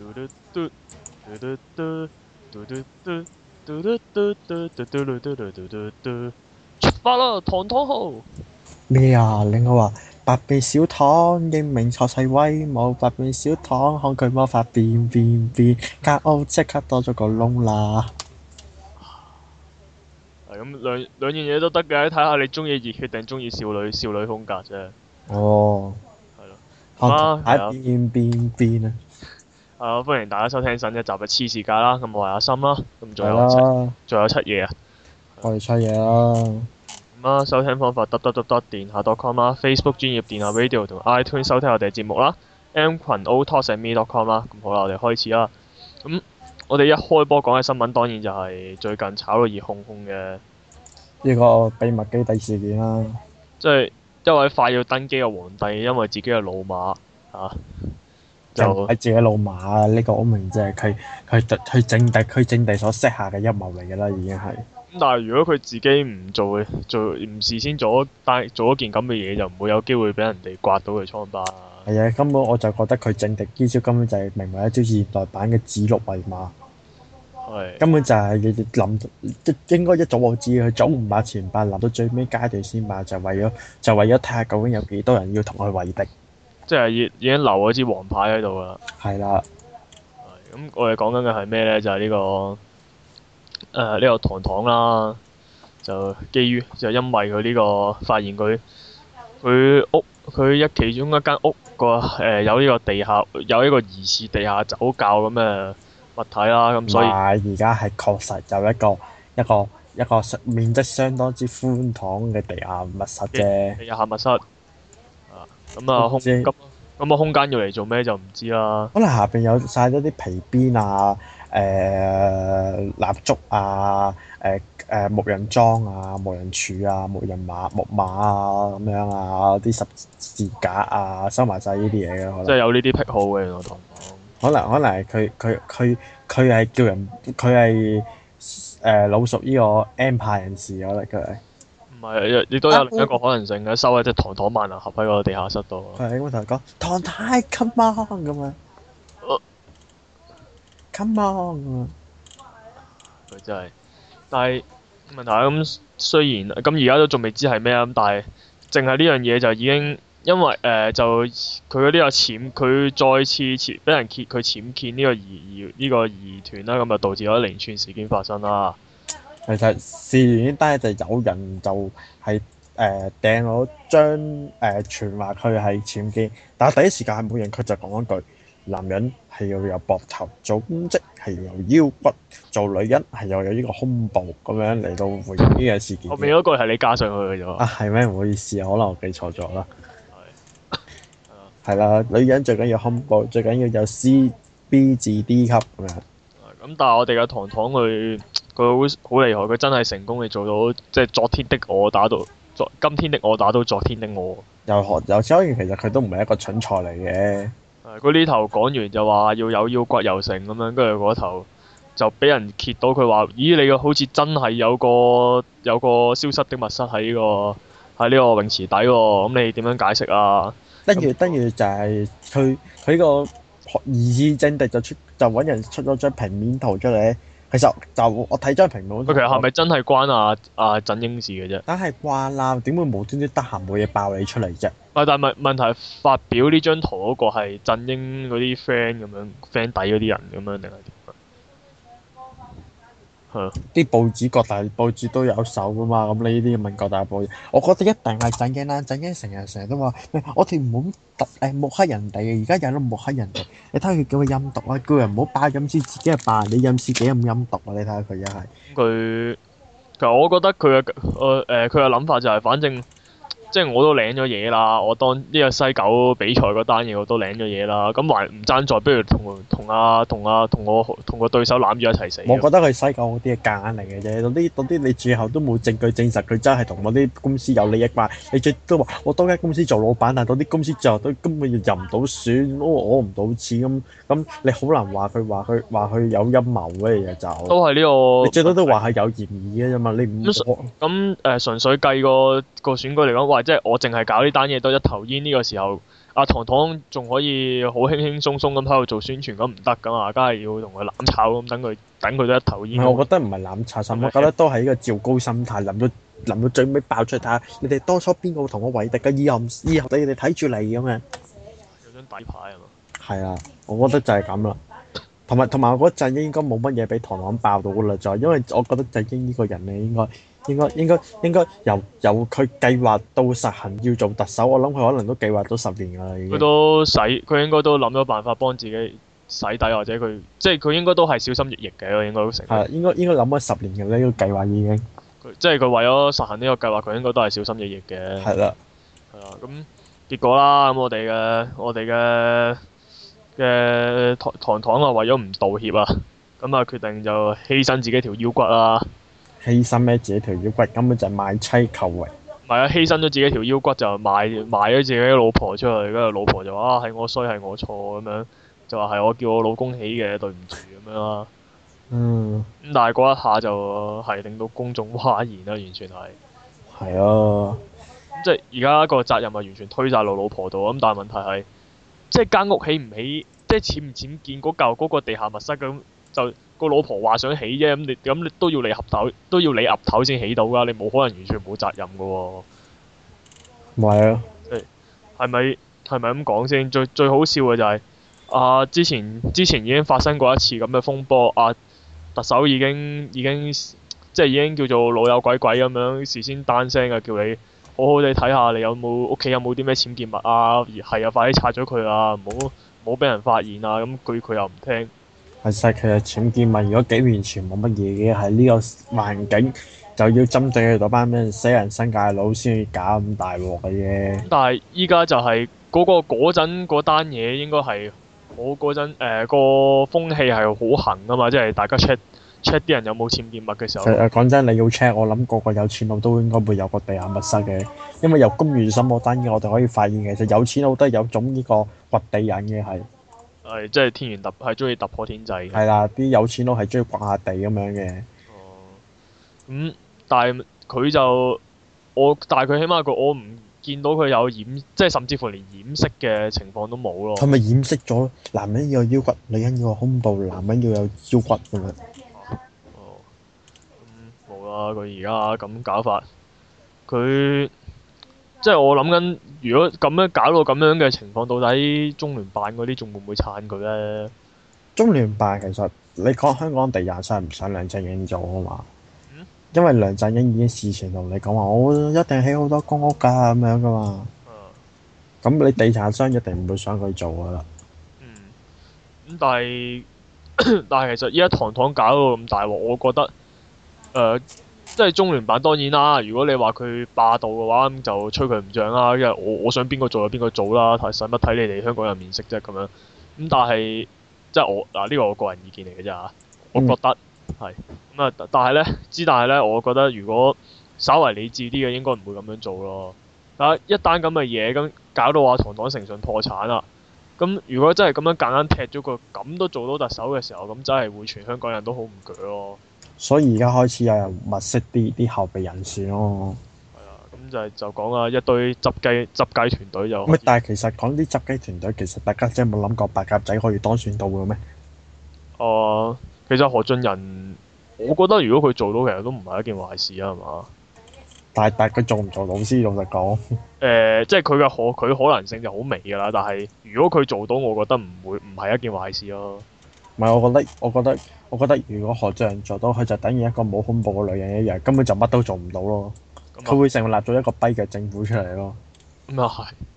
出發啦，湯湯號！咩啊？另外話百變小湯英明帥氣威武，百變小湯看佢魔法變變變，間屋即刻多咗個窿啦！係咁兩兩樣嘢都得嘅，睇下你中意熱血定中意少女少女風格啫。哦，係咯，睇變變變啊！啊！歡迎大家收聽新一集嘅黐事界啦，咁、啊啊、我係阿心啦，咁仲有七，仲有七夜啊，我哋七夜啦。咁啊，收聽方法 d o t d o d o 電下 dotcom 啦，Facebook 專業電下 radio 同 iTune 收聽我哋嘅節目啦，M 群 o l t o l k s h o w m e c o m 啦。咁好啦，我哋開始啦。咁我哋一開波講嘅新聞，當然就係最近炒到熱烘烘嘅呢個秘密基地事件啦、啊。即係一位快要登基嘅皇帝，因為自己係老馬啊。就係自己老馬啊！呢、這個我明啫，佢佢特佢政敵，佢政敵所設下嘅陰謀嚟㗎啦，已經係。但係如果佢自己唔做，做唔事先做但係做一件咁嘅嘢，就唔會有機會俾人哋刮到佢瘡疤啊。係啊， 根本我就覺得佢政敵招招根本就係明係一招現代版嘅指鹿為馬，係的根本就係你哋諗，即應該一早我知佢早唔買，前八，買，到最尾階段先買，就為咗就為咗睇下究竟有幾多人要同佢為敵。即係已已經留咗支黃牌喺度啦。係啦的。咁、嗯、我哋講緊嘅係咩呢？就係、是、呢、呢個誒呢、呃呢個堂堂啦。就基於就因為佢呢個發現佢佢屋佢一其中一間屋個誒、呃、有呢個地下有一個疑似地下酒窖咁嘅物體啦。咁所以而家係確實就一個一個一個,一個面積相當之寬敞嘅地下密室啫。地下密室。咁啊，空咁咁啊，空間要嚟做咩就唔知啦。可能下面有邊有晒咗啲皮鞭啊、誒、呃、蠟燭啊、誒、呃、誒、呃、木人樁啊、木人柱啊、木人馬木馬啊咁樣啊，啲十字架啊，收埋晒呢啲嘢咯。即係有呢啲癖好嘅嗰度。可能可能係佢佢佢佢係叫人佢係誒老熟呢個 M 派人士，我覺得佢。唔係，亦都有另一個可能性嘅，收喺隻糖糖萬能盒喺個地下室度。係，咁問題講唐太 come on 咁樣。come on。佢真係，但係問題咁雖然咁而家都仲未知係咩啊，咁但係淨係呢樣嘢就已經因為誒、呃、就佢嗰啲有潛，佢再次潛俾人揭佢僭建呢個疑疑呢、這個疑團啦，咁、這個、就導致咗一連串事件發生啦。其實事完呢單就有人就係誒掟咗張誒傳話佢係潛基，但係第一時間係冇人，佢就講一句：男人係要有膊頭，做公職，係要有腰骨做女人，係要有呢個胸部咁樣，嚟到回應呢樣事件。後面嗰句係你加上去嘅啫嘛？啊係咩？唔好意思，可能我記錯咗啦。係係啦，女人最緊要胸部，最緊要有 C、B 至 D 級咁樣。咁但係我哋嘅糖糖去。佢好好厲害，佢真係成功地做到，即係昨天的我打到昨今天的我打到昨天的我。又學又周顯，其實佢都唔係一個蠢材嚟嘅。佢呢頭講完就話要有腰骨有剩咁樣，跟住嗰頭就俾人揭到佢話：咦，你個好似真係有個有個消失的密室喺呢個喺呢個泳池底喎，咁你點樣解釋啊？跟住跟住就係佢佢個二次正敵就出就揾人出咗張平面圖出嚟。其實就我睇張評論，佢其實係咪真係關阿阿振英事嘅啫？梗係關啦，點會無端端得閒冇嘢爆你出嚟啫？唔係，但係問題發表呢張圖嗰個係振英嗰啲 friend 咁樣，friend 底嗰啲人咁樣定係點？啲、嗯、報紙各大報紙都有手㗎嘛，咁你呢啲問各大報紙，我覺得一定係震驚啦！震驚成日成日都話、欸，我哋唔好誒抹黑人哋啊！而家有都抹黑人哋，你睇下佢咁陰毒啊！叫人唔好扮咁司，自己又扮，你陰司幾咁陰毒啊！你睇下佢真係佢，其實我覺得佢嘅誒誒佢嘅諗法就係反正。即係我都領咗嘢啦，我當呢個西九比賽嗰單嘢我都領咗嘢啦。咁還唔爭在，不如同同阿同阿同我同個對手攬住一齊死。我覺得佢西九嗰啲係夾硬嚟嘅啫，嗰啲啲你最後都冇證據證實佢真係同嗰啲公司有利益關係。你最多話我當間公司做老闆，但係嗰啲公司最後都根本就入唔到選，我唔到錢咁，咁你好難話佢話佢話佢有陰謀嘅嘢就，都係呢個。你最多都話係有嫌疑嘅啫嘛，你唔。咁誒純粹計個個選舉嚟講，即係我淨係搞呢單嘢都一頭煙，呢個時候，阿、啊、唐唐仲可以好輕輕鬆鬆咁喺度做宣傳，咁唔得噶嘛，梗係要同佢攬炒，咁等佢等佢都一頭煙。我覺得唔係攬炒，心我覺得都係一個趙高心態，諗到諗到最尾爆出嚟睇下，看看你哋當初邊個同我為敵嘅，以後以後你哋睇住嚟咁嘅。有張底牌係嘛？係啊，我覺得就係咁啦。同埋同埋我覺得振英應該冇乜嘢俾唐唐爆到啦，就係因為我覺得振英呢個人咧應該。應該應該應該應該由由佢計劃到實行要做特首，我諗佢可能都計劃咗十年噶啦已經。佢都洗，佢應該都諗咗辦法幫自己洗底，或者佢即係佢應該都係小心翼翼嘅。佢應該都成應該應該諗咗十年嘅呢個計劃已經。即係佢為咗實行呢個計劃，佢應該都係小心翼翼嘅。係啦是的，係啦，咁結果啦，咁我哋嘅我哋嘅嘅堂堂啊，堂堂為咗唔道歉啊，咁啊，決定就犧牲自己條腰骨啊！犧牲咩自己條腰骨，根本就係賣妻求榮。唔係啊，犧牲咗自己條腰骨就賣賣咗自己老婆出去，跟住老婆就話啊，係我衰係我錯咁樣，就話係我叫我老公起嘅，對唔住咁樣啦。嗯。咁但係嗰一下就係令到公眾譁然啦，完全係。係、嗯、啊。即係而家個責任係，完全推晒落老婆度啊！咁但係問題係，即係間屋起唔起，即係僭唔僭建嗰嚿嗰個地下密室咁就。就個老婆話想起啫，咁你咁你都要你合頭，都要你合頭先起到㗎，你冇可能完全冇責任㗎喎、哦。咪係咯，係咪係咪咁講先？最最好笑嘅就係、是、啊、呃，之前之前已經發生過一次咁嘅風波啊、呃，特首已經已經即係已經叫做老友鬼鬼咁樣事先單聲嘅、啊、叫你好好地睇下你有冇屋企有冇啲咩僭建物啊，而係啊快啲拆咗佢啊，唔好唔好俾人發現啊，咁佢佢又唔聽。係，實其實僭建物。如果幾年前冇乜嘢嘅，喺呢個環境就要針對佢嗰班咩死人新界佬先至搞咁大鑊嘅。但係依家就係嗰、嗰個嗰陣嗰單嘢，應該係我嗰陣誒個風氣係好行啊嘛，即係大家 check check 啲人有冇僭建物嘅時候。其實講真，你要 check，我諗個個有錢佬都應該會有個地下密室嘅，因為由金元森嗰單嘢，我就可以發現其實有錢佬都係有種呢個掘地人嘅係。係，即係天然突，係中意突破天際嘅。係啦，啲有錢佬係中意掘下地咁樣嘅。哦。咁，但係佢就我，但係佢起碼個我唔見到佢有掩，即係甚至乎連掩飾嘅情況都冇咯。係咪掩飾咗？男人要有腰骨，女人要有胸部，男人要有腰骨咁樣。哦。嗯，冇啦，佢而家咁搞法。佢，即係我諗緊。如果咁樣搞到咁樣嘅情況，到底中聯辦嗰啲仲會唔會撐佢呢？中聯辦其實你講香港地產商唔想梁振英做啊嘛，因為梁振英已經事前同你講話，我一定起好多公屋噶咁樣噶嘛。咁你地產商一定唔會想佢做噶啦。咁但係但係其實依家堂堂搞到咁大鑊，我覺得誒。即係中聯辦當然啦，如果你話佢霸道嘅話，咁就吹佢唔漲啦，因為我我想邊個做就邊個做啦，使乜睇你哋香港人面色啫咁樣。咁但係即係我嗱呢個我個人意見嚟嘅啫，我覺得係咁啊，但係咧之但係咧，我覺得如果稍為理智啲嘅，應該唔會咁樣做咯。但一單咁嘅嘢，咁搞到話，唐唐誠信破產啦。咁如果真係咁樣簡單踢咗個咁都做到特首嘅時候，咁真係會全香港人都好唔鋸咯。所以而家開始有人物色啲啲後備人選咯、哦。係啊，咁就係就講啊一堆執雞執雞團隊就。但係其實講啲執雞團隊，其實大家真冇諗過白鴿仔可以當選到嘅咩？哦、呃，其實何俊仁，我覺得如果佢做到，其實都唔係一件壞事啊，係嘛？但係但係佢做唔做老師，老實講。誒，即係佢嘅可佢可能性就好微㗎啦。但係如果佢做到，我覺得唔會唔係一件壞事咯。唔係，我覺得我覺得，我覺得如果學長做到，佢就等於一個冇恐怖嘅女人一樣，根本就乜都做唔到咯。佢、嗯、會成立咗一個跛嘅政府出嚟咯。咁、嗯、啊，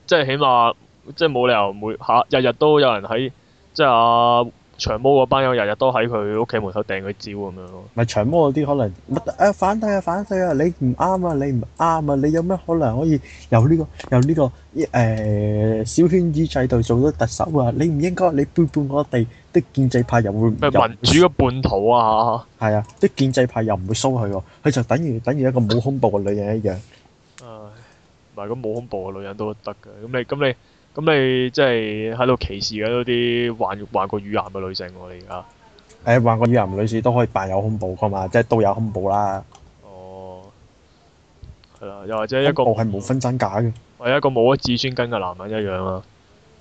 即係起碼，即係冇理由每下日日都有人喺，即係啊。呃長毛嗰班友日日都喺佢屋企門口掟佢蕉咁樣咯。唔係長毛嗰啲可能咪誒反對啊反對啊！你唔啱啊你唔啱啊！你有咩可能可以由呢個由呢個誒小圈子制度做到特首啊？你唔應該，你背叛我哋啲建制派又會民主嘅叛徒啊！係啊！啲建制派又唔會收佢喎，佢就等於等於一個冇恐怖嘅女人一樣。誒，唔係個冇恐怖嘅女人都得㗎。咁你咁你。咁你即係喺度歧視緊嗰啲患患過乳癌嘅女性喎？而家誒患過乳癌女士都可以扮有胸部噶嘛？即係都有胸部啦。哦，係啦，又或者一個係冇分真假嘅，或一個冇咗子孫根嘅男人一樣啊。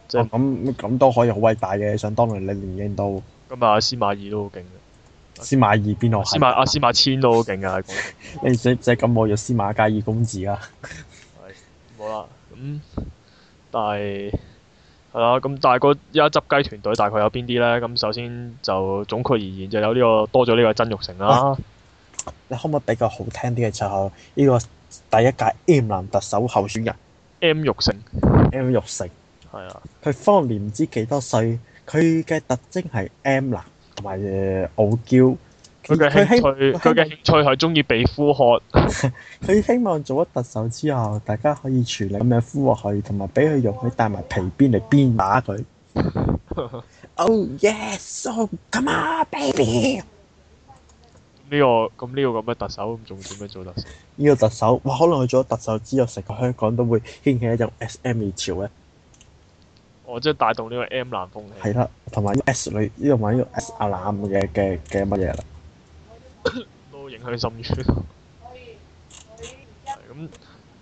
即係咁咁都可以好偉大嘅。想當年你連應到咁啊，司馬懿都好勁嘅。司馬懿邊個？司馬阿司馬遷都好勁啊。喺你使唔使咁愛要司馬家二公子啊？係冇啦咁。但係啦，咁但係個一執雞團隊大概有邊啲咧？咁首先就總括而言就有呢、這個多咗呢個曾鈺成啦。啊、你可唔可以比較好聽啲嘅就係呢個第一屆 M 男特首候選人 M 玉成。M 玉成。係啊的。佢方年唔知幾多歲，佢嘅特徵係 M 男同埋傲嬌。佢嘅興趣，佢嘅興、興趣係中意被呼喝。佢 希望做咗特首之後，大家可以全力咁樣呼喝佢，同埋俾佢用佢帶埋皮鞭嚟鞭打佢。 Oh yes, Oh, come on, baby！呢、這個咁呢、這個咁嘅特首，仲點樣做特首？呢個特首，哇！可能去做咗特首之後，成個香港都會掀起一種 S M 熱潮咧。哦，即係帶動呢個 M 男風氣。係啦，同埋 S 女，呢、這個同呢個 S 阿男嘅嘅嘅乜嘢啦。都影響深遠。咁誒、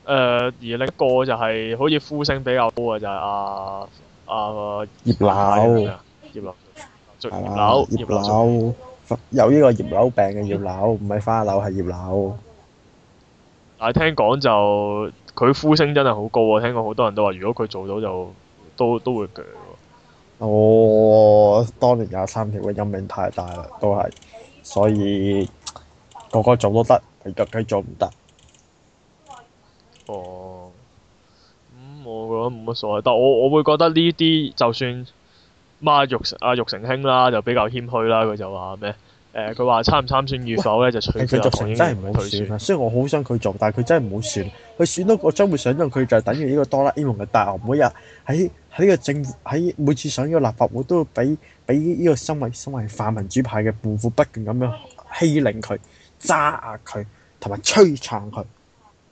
嗯，而另一個就係、是、好似呼聲比較高嘅就係、是、啊啊葉柳葉柳、啊、葉柳有呢個葉柳病嘅葉柳，唔係花柳係葉柳。但係聽講就佢呼聲真係好高喎，聽講好多人都話，如果佢做到就都都會強。哦，當年廿三條嘅陰影太大啦，都係。所以個個做都得，你特雞做唔得。哦，咁、嗯、我覺得冇乜所謂，但我我會覺得呢啲就算阿玉、啊、玉成阿玉成兄啦，就比較謙虛啦，佢就話咩？誒，佢話參唔參選預手咧就取決，就真係唔好選啦，雖然我好想佢做，但係佢真係唔好選。佢選都，我將會想像佢就等於呢個哆啦 A 夢嘅大雄，每日喺喺呢個政府，喺每次上呢個立法會都要俾俾呢個身為身為泛民主派嘅步步不斷咁樣欺凌佢、揸壓佢同埋摧殘佢。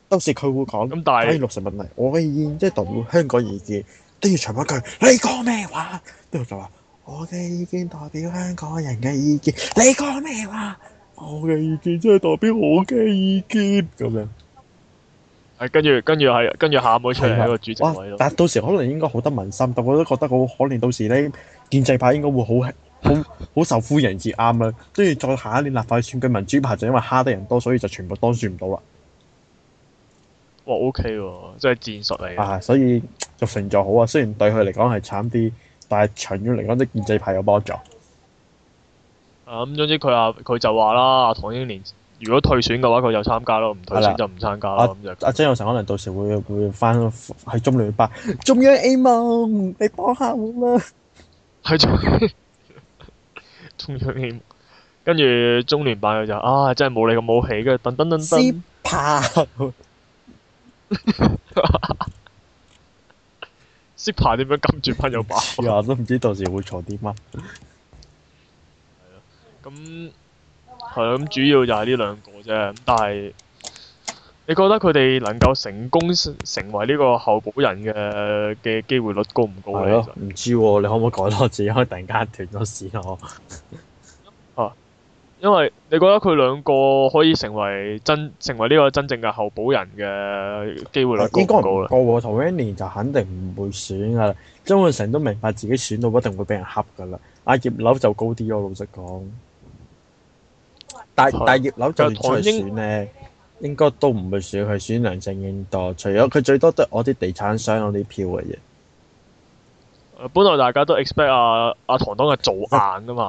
到時佢會講，咁但係六十問題，我嘅意見即係代表香港意見，都要除翻佢。你講咩話？跟住就話。我嘅意見代表香港人嘅意見，你講咩話？我嘅意見即係代表我嘅意見咁樣。係跟住跟住係跟住下喊咗出嚟喺個主席位。但到時可能應該好得民心，但我都覺得好可憐。到時呢，建制派應該會好好好受歡迎至啱啦。跟住再下一年立法選舉，民主派就因為蝦得人多，所以就全部當選唔到啦。哇！O K 喎，即、okay、係戰術嚟。啊，所以就成就好啊。雖然對佢嚟講係慘啲。但係長遠嚟講，啲建制派有幫助。啊咁、嗯，總之佢話佢就話啦，唐英年如果退選嘅話，佢就參加咯；唔退選就唔參加咯。咁了、嗯、就阿曾鈺成可能到時會會翻喺中聯辦中央 A 夢，你幫下我啦。係 中央 A 夢，跟住中聯辦佢就啊，真係冇你咁好氣，跟住等噔噔噔。帕 識排點樣跟住翻友爆？ 我都唔知到時會錯啲乜。 咁係啊，咁、嗯、主要就係呢兩個啫。但係你覺得佢哋能夠成功成為呢個候補人嘅嘅機會率高唔高咧？唔了實知喎，你可唔可以講多次？因為突然間斷咗線啊。哦。 因為你覺得佢兩個可以成為真成為呢個真正嘅候補人嘅機會率高唔高咧？我同 Vinny 就肯定唔會選噶啦。張漢成都明白自己選到一定會俾人恰噶啦。阿葉劉就高啲咯，老實講。但的但葉劉就出嚟選咧，應該都唔會選，係選梁振英多。除咗佢最多得我啲地產商嗰啲票嘅嘢、啊。本來大家都 expect 阿阿、啊啊、唐東係做硬噶嘛。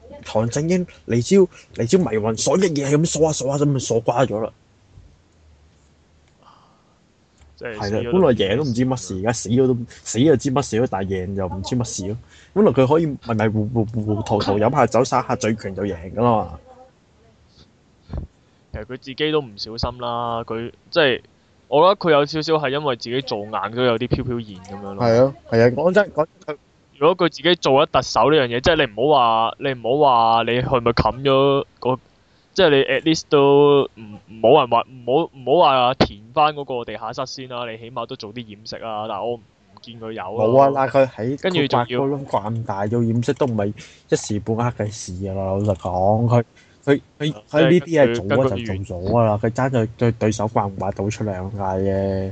唐振英嚟招嚟招迷魂，所嘅嘢咁鎖下鎖下，就咪鎖瓜咗啦。係啦， 本來贏都唔知乜事，而家死咗都死就知乜事咯。但係贏又唔知乜事咯。本來佢可以迷迷糊糊糊糊塗塗飲下酒，耍下醉拳就贏噶啦嘛。其實佢自己都唔小心啦，佢即係我覺得佢有少少係因為自己做眼都有啲飄飄然咁樣咯。係啊，係啊，講真，如果佢自己做咗特首呢樣嘢，即係你唔好話，你唔好話，你係咪冚咗個？即係你 at least 都唔冇人話，唔好唔好話填翻嗰個地下室先啦。你起碼都做啲掩飾啊！但係我唔見佢有。冇啊！嗱，佢喺跟住仲要掛咁大，要掩飾都唔係一時半刻嘅事啊！老實講，佢佢佢佢呢啲係早一陣做咗啊！佢爭在對對手掛唔掛到出嚟嗌啫。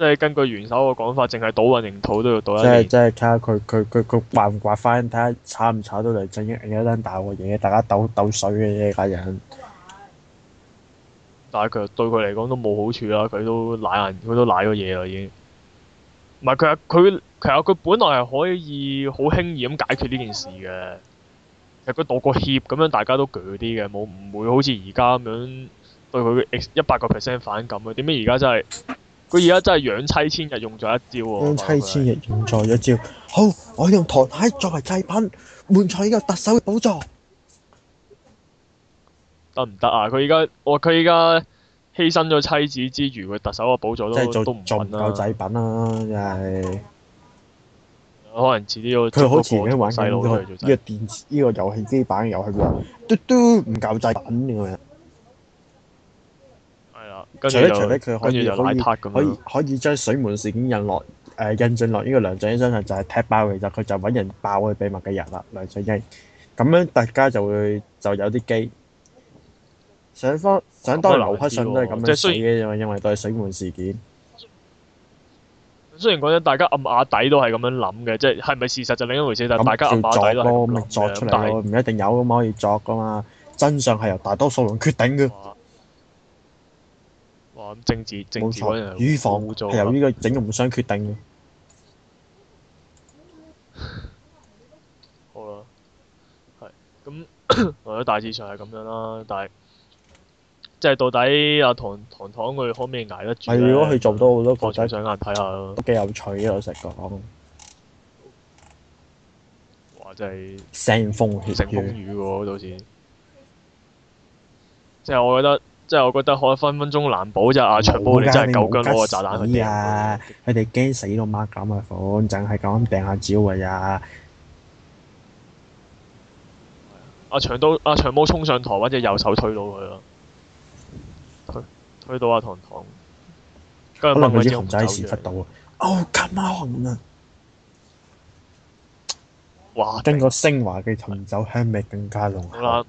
即係根據元首嘅講法，淨係倒混凝土都要倒一年。即係即係睇下佢佢佢佢滑唔滑翻，睇下炒唔炒到嚟整一單大嘢，大家斗斗水嘅嘢個人。但係佢對佢嚟講都冇好處啦，佢都賴人，佢都賴咗嘢啦已經。唔係佢啊，佢其實佢本來係可以好輕易咁解決呢件事嘅。其實佢道個歉咁樣大家都鋸啲嘅，冇唔會好似而家咁樣對佢 ex 一百個 percent 反感嘅。點解而家真係？佢而家真係養妻千日用咗一招喎，養妻千日用咗一招。一招好，我用唐太太作為祭品，換取呢個特首嘅寶座，得唔得啊？佢而家，我佢而家犧牲咗妻子之餘，佢特首嘅寶座都做都唔穩啦。唔夠祭品啦、啊，真係可能遲啲要。佢好似已喺玩緊呢個電呢、呢個遊戲機版嘅遊戲喎、啊，都都唔夠祭品、啊除咗除咗佢可以可以可以可以將水門事件印落誒印進落呢個梁振英身上，就係踢爆其實佢就搵人爆佢秘密嘅人啦，梁振英。咁樣大家就會就有啲機。上方想當劉克信都係咁樣死嘅，因為因為都係水門事件。雖然講緊大家暗瓦底都係咁樣諗嘅，即係係咪事實就另一回事。但係大家暗瓦底咯，係啊，但係唔一定有咁可以作㗎嘛。真相係由大多數人決定嘅。咁政治政治嗰樣嘢預防做係髒由呢個整容相決定嘅。 好啦，係咁，我覺得大致上係咁樣啦，但係即係到底阿、啊、唐，唐唐唐，佢可唔可以捱得住？如果佢做到，我都覺得上眼睇下都幾有趣嘅，老實講話真係腥風雨腥風雨嘅喎，到時即係我覺得。即係我覺得可分分鐘難保，即阿長毛，你真係夠姜嗰個炸彈嗰啲啊！佢哋驚死到媽九啊款，淨係夠膽掟下蕉啊！阿長刀、阿長毛衝上台，或者右手推到佢咯，推到阿唐糖糖。可能啲熊仔屎忽到啊？哦，my god！哇，經過昇華嘅紅酒香味更加濃厚，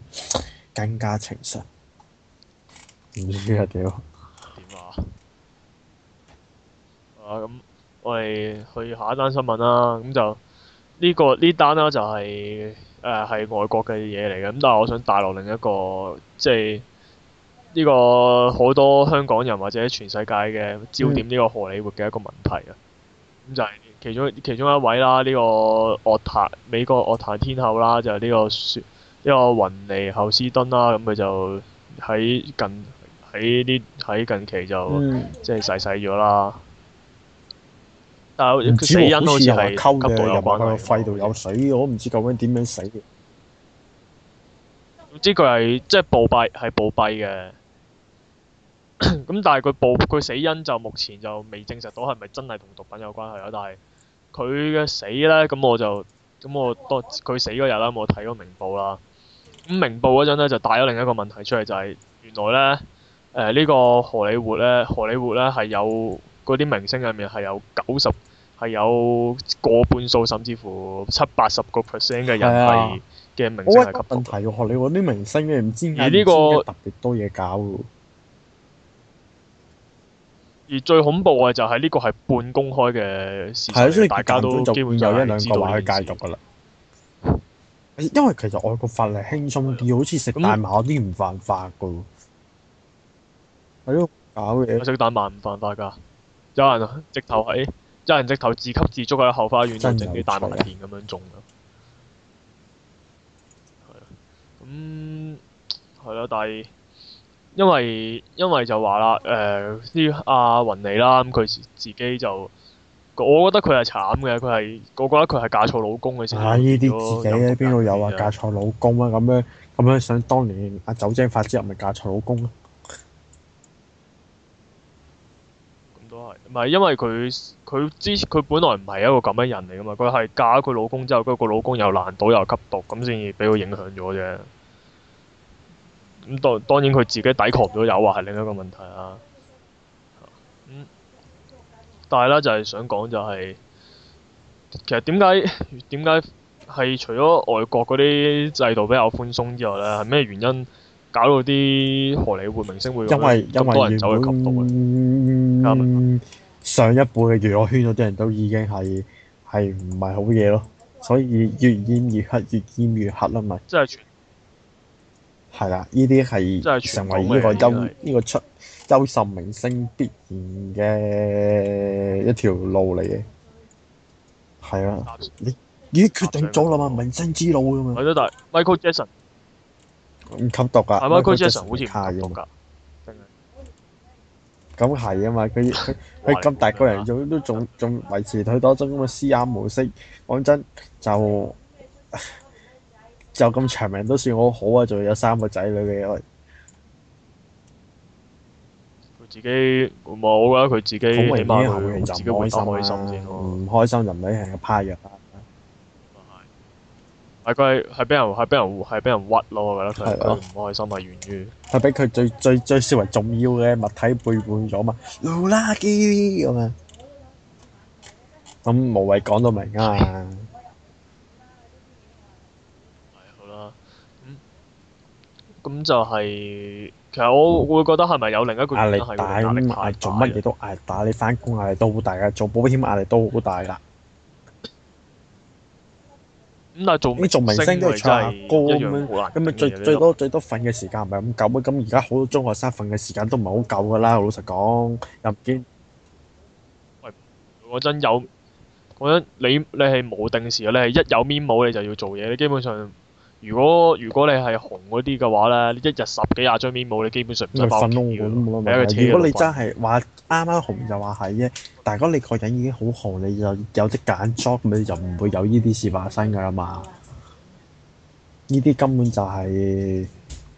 更加情深。唔知啊，屌！點話啊？啊咁，我哋去下一單新聞啦。咁就呢、這個呢單啦、就是，就係誒係外國嘅嘢嚟嘅。咁但係我想帶落另一個，即係呢個好多香港人或者全世界嘅焦點呢個荷里活嘅一個問題啊。咁、嗯、就係其中其中一位啦，呢、這個樂壇美國樂壇天后啦，就係、是、呢、這個呢、這個雲尼侯斯敦啦。咁、嗯、佢就喺近。喺呢喺近期就即係細細咗啦。嗯、但係佢死因好似係呼吸道有關咯，肺度有水，我唔知究竟點樣死嘅。唔知佢係即係暴斃，係暴斃嘅。咁 但係佢暴佢死因就目前就未證實到係咪真係同毒品有關係啊？但係佢嘅死咧，咁我就咁我多佢死嗰日咧，我睇過明報啦。咁明報嗰陣咧就帶咗另一個問題出嚟，就係、是、原來咧。誒呢、呃這個荷里活咧，荷里活咧係有嗰啲明星入面係有九十係有過半數，甚至乎七八十個 percent 嘅人係嘅明星係吸毒。係荷里活啲明星你唔知而呢、這個特別多嘢搞。而最恐怖嘅就係、是、呢、這個係半公開嘅事，係、啊、大家都基本有一兩個話去戒毒噶啦。因為其實外國法例輕鬆啲，的好似食大麻嗰啲唔犯法噶。哎、搞嘅，食大麻唔犯法噶。有人直頭喺，有人直頭自給自足喺後花園真自己大麻片咁樣種噶。係、啊，咁係啦，但係因為因為就話啦，誒、呃，啲阿雲尼啦，咁佢自己就，我覺得佢係慘嘅，佢係，我覺得佢係嫁錯老公嘅時候。啊，呢啲自己喺邊度有話以嫁錯老公啊？咁樣咁樣，咁樣想當年阿酒精發之後，咪嫁錯老公啊？唔係，因為佢佢之前佢本來唔係一個咁嘅人嚟噶嘛，佢係嫁咗佢老公之後，佢個老公又爛賭又吸毒，咁先至俾佢影響咗啫。咁當當然佢自己抵抗唔到誘惑係另一個問題啊。嗯。但係咧，就係、是、想講就係、是，其實點解點解係除咗外國嗰啲制度比較寬鬆之外呢？係咩原因搞到啲荷里活明星會因為咁多人走去吸毒呢？啱啊！上一輩嘅娛樂圈嗰啲人都已經係係唔係好嘢咯，所以越染越黑，越染越黑啦嘛。真係全係啦！呢啲係成為呢個優呢個出優秀明星必然嘅一條路嚟嘅。係你已經決定咗啦嘛，明星之路咁樣。係咯，但 Michael Jackson 唔吸毒噶。的 Michael Jackson, Jackson 的好似唔吸毒㗎。咁係啊嘛，佢佢佢咁大個人仲都仲仲維持佢多種咁嘅私隱模式。講真，就就咁長命都算好好啊！仲有三個仔女嘅，佢自己冇啦。佢、啊、自己幾唔開心唔、啊、開心就唔使係派藥啦、啊。大概係畀人，係畀人，係畀人屈咯！我覺得佢唔開心，係源於佢畀佢最最最視為重要嘅物體背叛咗嘛，老垃圾咁啊！咁、嗯、無謂講到明啊 。好啦。咁、嗯、就係、是、其實我會覺得係咪有另一個、那個、壓力,壓力大拎埋做乜嘢都壓打你返工壓力都好大嘅，做保險壓力都好大噶。咁啊！但做你做明星都要唱下歌咁樣，咁咪 最最多最多瞓嘅時間唔係咁久咩？咁而家好多中學生瞓嘅時間都唔係好夠㗎啦。老實講入邊，喂，講真有講真，你你係冇定時嘅，你係一有 memo 你就要做嘢。你基本上如果如果你係紅嗰啲嘅話咧，你一日十幾廿張 memo，你基本上唔使瞓。如果你真係話～啱啱紅就話係啫，但係如果你個人已經好紅，你就有啲揀 job，咁你就唔會有呢啲事發生噶啦嘛。呢啲根本就係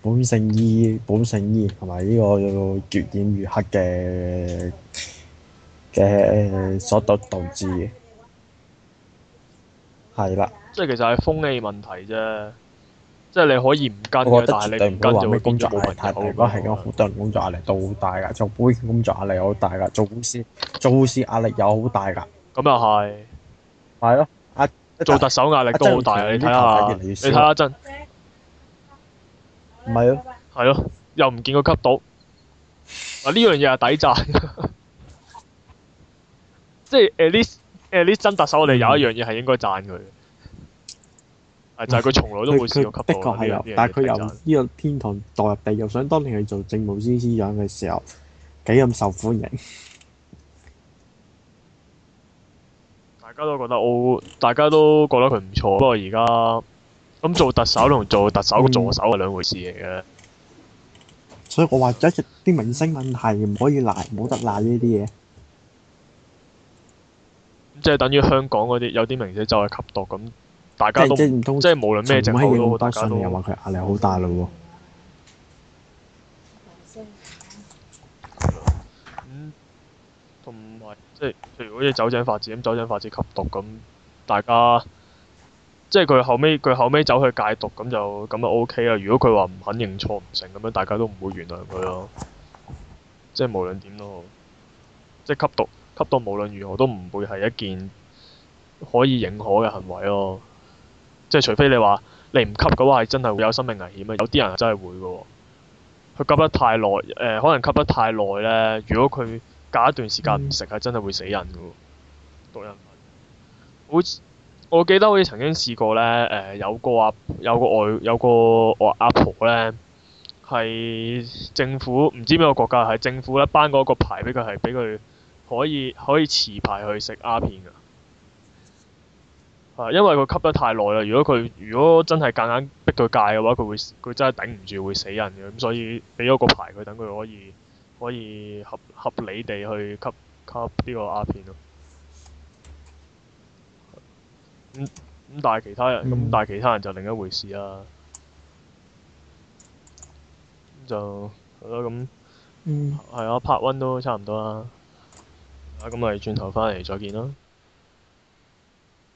本性二、本性二同埋呢個越演越黑嘅嘅所導導致嘅，係啦。即係其實係風氣問題啫。即係你可以唔跟嘅，但係你唔跟話咩工作壓力太大。如果係嘅，好多人工作壓力都好大㗎。做保險工作壓力好大㗎，做公司做公司壓力又好大㗎。咁又係係咯，啊、做特首壓力都好大。但你睇下，你睇下真，唔係咯，係咯、啊，又唔見佢吸到吧啊！呢樣嘢係抵讚。 即係誒呢誒呢真特首，我哋有一樣嘢係應該讚佢。啊！嗯、就係佢從來都冇試過吸毒。佢佢的確係有。但係他佢由呢個天堂墮入地獄，又想當年係做政務司司長嘅時候幾咁受歡迎，大。大家都覺得大家都覺得佢唔錯。不過而家咁做特首同做特首嘅助手係兩回事嚟嘅、嗯。所以我話一直啲明星問題唔可以賴，冇得賴呢啲嘢。即係等於香港嗰啲有啲明星就係吸毒咁。大家都，即係無論咩藉口都好，大家都又話佢壓力好大咯。喎、嗯。同埋即係，譬如嗰隻酒井法子咁，酒井法子吸毒咁，大家即係佢後尾，佢後尾走去戒毒咁就咁就 O K 啦。如果佢話唔肯認錯唔成咁樣，大家都唔會原諒佢咯。即係無論點都好，即係吸毒吸毒，無論如何，論如何都唔會係一件可以認可嘅行為咯。即係除非你話你唔吸嘅話，係真係會有生命危險啊！有啲人係真係會嘅喎、哦，佢吸得太耐，誒、呃、可能吸得太耐咧。如果佢隔一段時間唔食，係、嗯、真係會死人嘅喎、哦。多人品。好，我記得好似曾經試過咧，誒、呃、有個阿、啊、有個外有個外阿婆咧，係政府唔知邊個國家係政府咧，頒嗰個牌俾佢係俾佢可以可以持牌去食鴉片㗎。係，因為佢吸得太耐啦。如果佢如果真係夾硬逼佢戒嘅話，佢會佢真係頂唔住會死人嘅。咁所以俾咗個牌，佢等佢可以可以合合理地去吸吸呢個鴉片咯。咁、嗯、咁，但係其他人咁，嗯、但係其他人就另一回事啦。就係咯咁，係、嗯、啊，part one 都差唔多啦。啊，咁咪轉頭翻嚟再見啦。